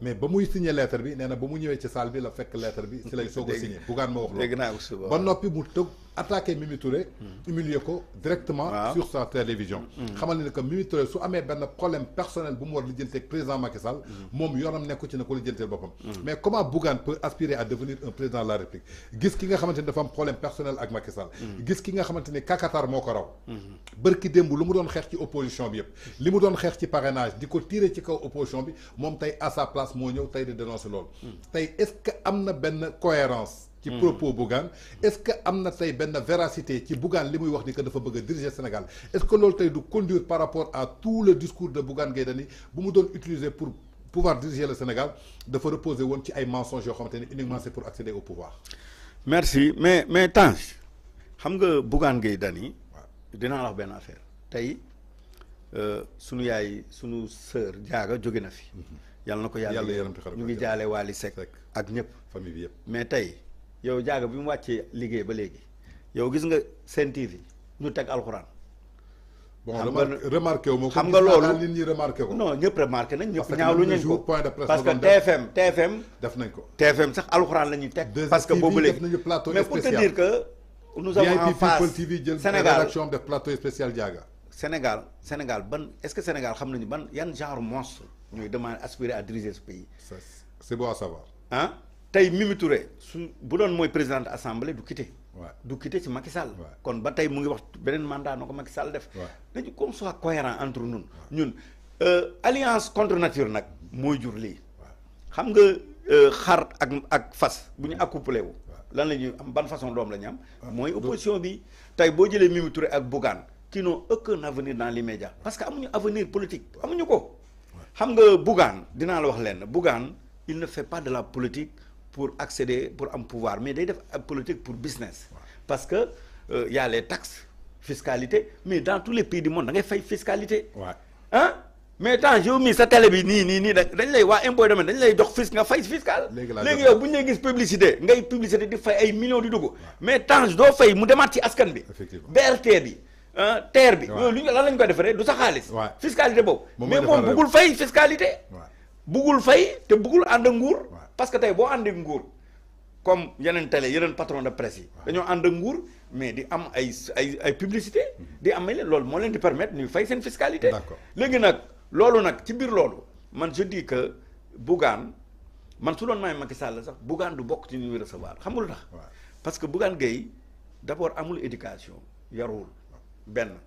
mais ba muy signé lettre bi nee na ba mu ñëwee ci salle bi la fekk lettre bi. si lay soog a signé Bougane moo wax loolu. ba noppi mu tëg attaqué Mimi Touré. Hmm. humilier ko directement. sur sa télévision. Hmm. xamal ni que Mimi Touré su amee benn problème personnel bu mu war président Macky Sall. mom hmm. yoonam nekku ci na ko lijjantee mais comment Bougane peut aspirer à devenir un président de la République gis ki nga xamante ni dafa am problème personnel ak Macky Sall. gis ki nga xamante ni kakatar moko raw. barki dembu lu mu don xeex ci opposition bi yëpp. li mu don xeex ci parrainage diko tirer ci kaw opposition bi mom tay à sa place mo ñëw tay di dénoncer lool tay est-ce que amna ben cohérence ci hmm. propos Bougane est-ce que amna tay ben véracité ci Bougane limuy wax ni que dafa bëgg diriger Sénégal est-ce que lool tay du conduire par rapport à tout le discours de Bougane Gueye Dany bu mu done utiliser pour pouvoir diriger le Sénégal dafa reposer won ci ay mensonges yo uniquement c'est pour accéder au pouvoir. merci mais mais Tange xam nga Bougane Gueye Dany. waaw a wax ben affaire euh sunu yaay sunu sœur Diaga, jóge na fi. Mhm. yalla nako ko ñu ngi jalé wali Seck ak ñep famille bi yep mais tay yow jaaga bi mu wàccee liggéey ba léegi yow gis nga Sen TV ñu teg alxuraan. xam nga bon remarqué wu xam nga loolu nit ñi remarqué ko. non ñëpp remarqué nañ ñëpp ñaawlu nañ ko parce que TFM TFM. def nañ ko TFM sax alxuraan la ñuy teg. parce que boobu léegi mais pour te dire que. nous avons en jël Sénégal rédaction def plateau spécial Diaga. Sénégal Sénégal ban est-ce que Sénégal xam nañu ban yan genre monstre ñooy demande aspirer a diriger ce pays. c'est bon tay Mimi Touré su bu doon mooy présidente l'assemblée du quitté. du quitter ci Macky Sall. kon ba tay mu ngi wax benen mandat noko Macky Sall def. dañu comme soit cohérent entre ñun. euh, alliance contre nature nak moy jur li xam nga euh, xar ak ak fas buñu accouplé wu. lan lañu am ban façon doom lañu am. moy opposition bi tay bo jëlee Mimi Touré ak Bougane qui n'ont aucun avenir dans l'immédiat parce que avenir politique amuñu ko. xam nga Bougane dina la wax lenn Bougane il ne fait pas de la politique pour accéder pour am pouvoir mais day def politique pour business. parce que euh, y a les taxes fiscalité mais dans tous les pays du monde da ngay fay fiscalité. hein mais tant yow mis sa télé bi ni ni nii dañ lay waa impôt domaine dañ lay jox fisc nga fay fiscal. léegi yow bu ñu lay gis publicité ngay publicité di fay ay millions di dugg. mais tant doo fay mu demaat ci askan bi. BRT bi. Hein, terre bi. waaw lu ñu lan lañ ko defaree du sa fiscalité boobu. mais bon, beaucoup fay fiscalité. Beaucoup fay te buggul ànd nguur. parce que tey boo ànd ak nguur comme yeneen télé yeneen patron de presse yi dañoo ànd ak nguur mais di am ay ay ay publicité mhm. di am ay leen loolu moo leen di permettre ñuy fay seen fiscalité léegi nag loolu nag ci biir loolu man je dis que Bougane man su doon maay Macky Sall sax Bougane du bokk ti ñuy recevoir xamul nga lu tax parce que Bougane Gueye d'abord amul éducation yarul benn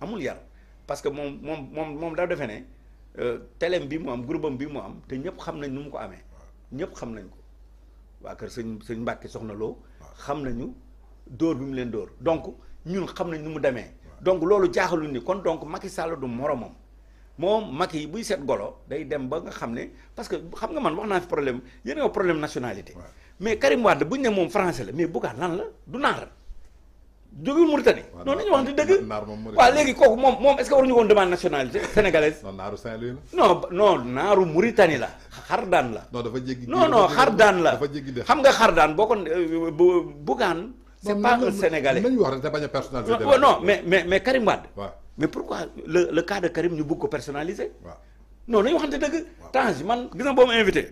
amul yar parce que moom moom moom moom daa defee ne euh, télém bi mu am groupe am bi mu am te ñëpp xam nañ nu mu ko amee ñëpp xam nañ ko waa kër sëñ sëñ Mbàkke soxna loo xam nañu dóor bi mu leen dóor donc ñun xam nañ nu mu demee donc loolu jaaxaluñ ni kon donc Macky Sall du moromam moom Macky buy seet golo day dem ba nga xam ne parce que xam nga man wax naa fi problème yéen nga problème nationalité mais Karim Wade buñ ne moom français la mais Bougane lan la du naar jógul Mauritanie. non nañu wax dëgg. waaw léegi kooku moom moom est-ce que waruñu woon demande nationalité sénégalaise. non naaru saint la. non non naaru Mauritanie la xar daan la. non dafa jéggi non non xar daan la xam nga xar daan boo ko euh, Bougane. c'est pas un sénégalais nañu wax rek da bañ a personnaliser. mais mais mais Karim Wade. mais pourquoi le le cas de Karim ko personnaliser. waaw non nañu waxante dëgg. waaw Tange man gis nga boo ma invité.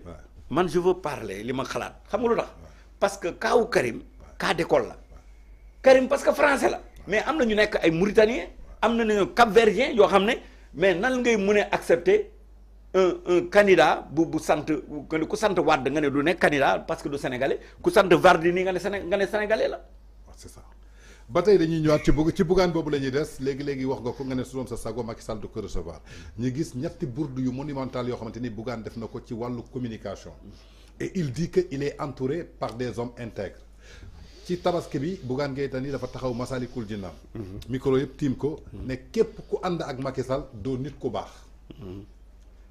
man je veux parler li ma xalaat xam nga lu parce que kaawu Karim. cas d'école la. Karim parce que français là mais amna ñu nek ay mauritanien amna ñu cap-verdien mais nan ngay mëne accepter un un candidat bu bu sante ku sante wad nga ne du nek candidat parce que du sénégalais ku sante vardini nga ne nga sénégalais la. Ah, c'est ça batay dañuy ñëwaat ci bugg ci buggaan boobu la ñuy légui léegi wax nga ko nga ne su doon sa sago Macky Sall du ko recevoir ñi gis ñetti bourde yu monumental yo xamante ni buggaan def na ko ci walu communication et il dit que il est entouré par des hommes intègres. ci tabaski bi Bougane Gueye Dany dafa taxaw Massalikul Jinaan micro yëpp tiim ko ne képp ku ànd ak makisal doo nit ku baax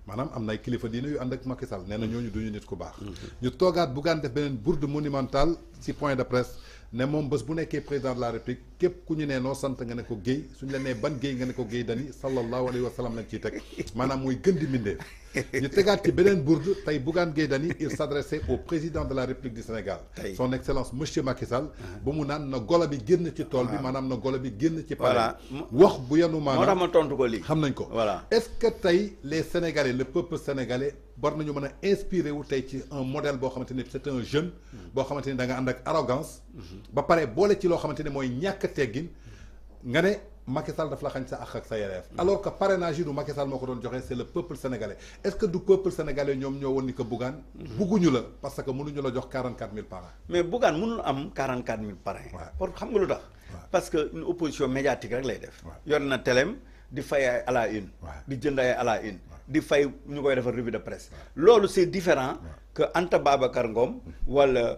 maanaam am na kilifa diine yu ànd ak Macky Sall nee na ñooñu duñu nit ku baax ñu toogaat Bougane def beneen bourde monumentale ci point de presse ne moom bés bu nekkee président de la république képp ku ñu nee noo sant nga ne ko Gueye suñu la nee ban Gueye nga ne ko Gueye Dany sallallahu alayhi wa sallam lañ ciy teg maanaam mooy gën di mindee ñu tegaat ci beneen bourde tey Bougane Gueye il s'adressait au président de la République du Sénégal son excellence monsieur Macky Sall ah. ba mu Gola na golo bi génn ci tool bi ah. maanaam na golo bi génn ci palais wax bu yenu maanaam moo voilà est-ce que tey les Sénégalais le peuple sénégalais war nañu mën a inspiré ci un modèle boo xamante ni c'est un jeune mm. boo xamante ni da nga ànd arrogance mm-hmm. ba pare boole ci loo xamante ne mooy ñàkk teggin nga ne Macky Sall daf la xañ sa ak ak sa alors que parrainage du Macky Sall moo ko joxe c'est le peuple sénégalais est-ce que du peuple sénégalais ñom ñoo woon ni que Bougane mhm. bugguñu la parce que mënuñu la jox 44 000 parrains mais Bougane mënu am 44 000 parrains pour xam nga lu tax parce que une opposition médiatique rek lay def yor na telem di fay ay à la une di jënd ay à la une di fay ñukoy koy revue de presse lolu c'est différent que Anta Babacar Ngom mm. wala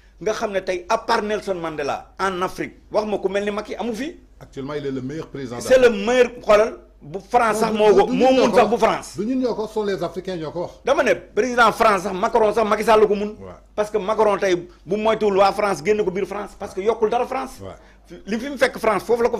nga xamné tay à part Nelson Mandela en Afrique wax ma ku melni Macky amu fi. actuellement il est le meilleur président. c'est le meilleur xolal bu France sax moo mo moo mun sax bu France. du ñoko ñoo sont les Africains ñoko wax. dama né président France sax Macron sax Macky Sall ko mun. parce que Macron tay bu moytu waa France génn ko bir France parce que yokul dara France. li fi fekk France fofu la ko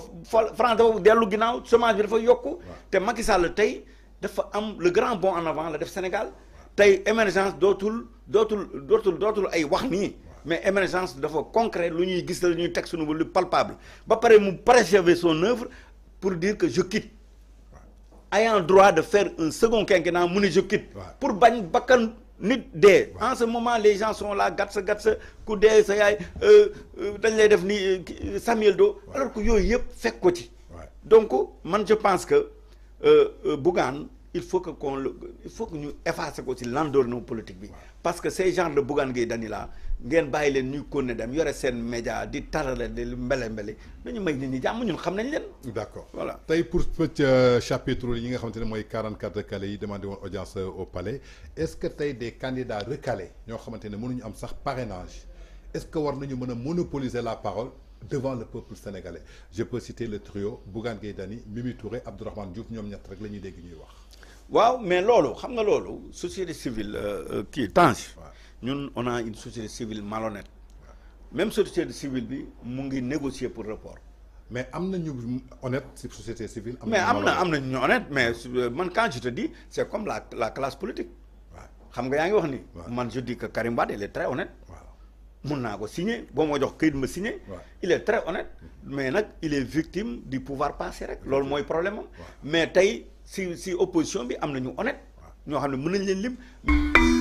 France dafa delu ginaaw chômage bi dafa yokku. té Macky Sall tay dafa am le grand bond en avant la def Sénégal tay émergence dotul dotul dotul dotul ay wax ni mais émergence de concret la lu palpable ba va préserver son œuvre pour dire que je quitte ayant le droit de faire un second quinquennat je quitte pour bannir nit en ce moment les gens sont là Samuel Do alors que yo yëpp quoi donc man je pense que euh, euh, Bougan il faut que qu'on il faut que ñu effacer ko ci politique parce que ces gens de Bougane Gueye Dany la ñu bàyyi nous ñuy konne dem yore seen média di tarale di mbele mbele ñu may nit ñi jàmm ñun d'accord voilà tay pour ce euh, chapitre yi nga xamante moy 44 recalés yi demandé won audience euh, au palais est-ce que tay des candidats recalés ñoo xamante ne mënuñu am sax parrainage est-ce que war nañu monopoliser la parole devant le peuple sénégalais je peux citer le trio Bougane Dani, Mimi Touré Abdourahmane Diouf ñom ñatt rek lañuy dégg ñuy wax waaw mais lolo, xam nga société civile qui est tâche nous on a une société civile malhonnête même société civile bi mu ngi négocier pour rapport. mais amna ñu honnête société civile. mais amna amna honnête mais euh, quand je te dis c'est comme la la classe politique. xam nga man je dis que Karim bade il est très honnête monaco signé boo ma jox këyit ma signé. il est très honnête mais il est victime du pouvoir passé rek loolu mooy problème mais tey si si opposition bi am honnête ñoo xam ne nañ leen lim.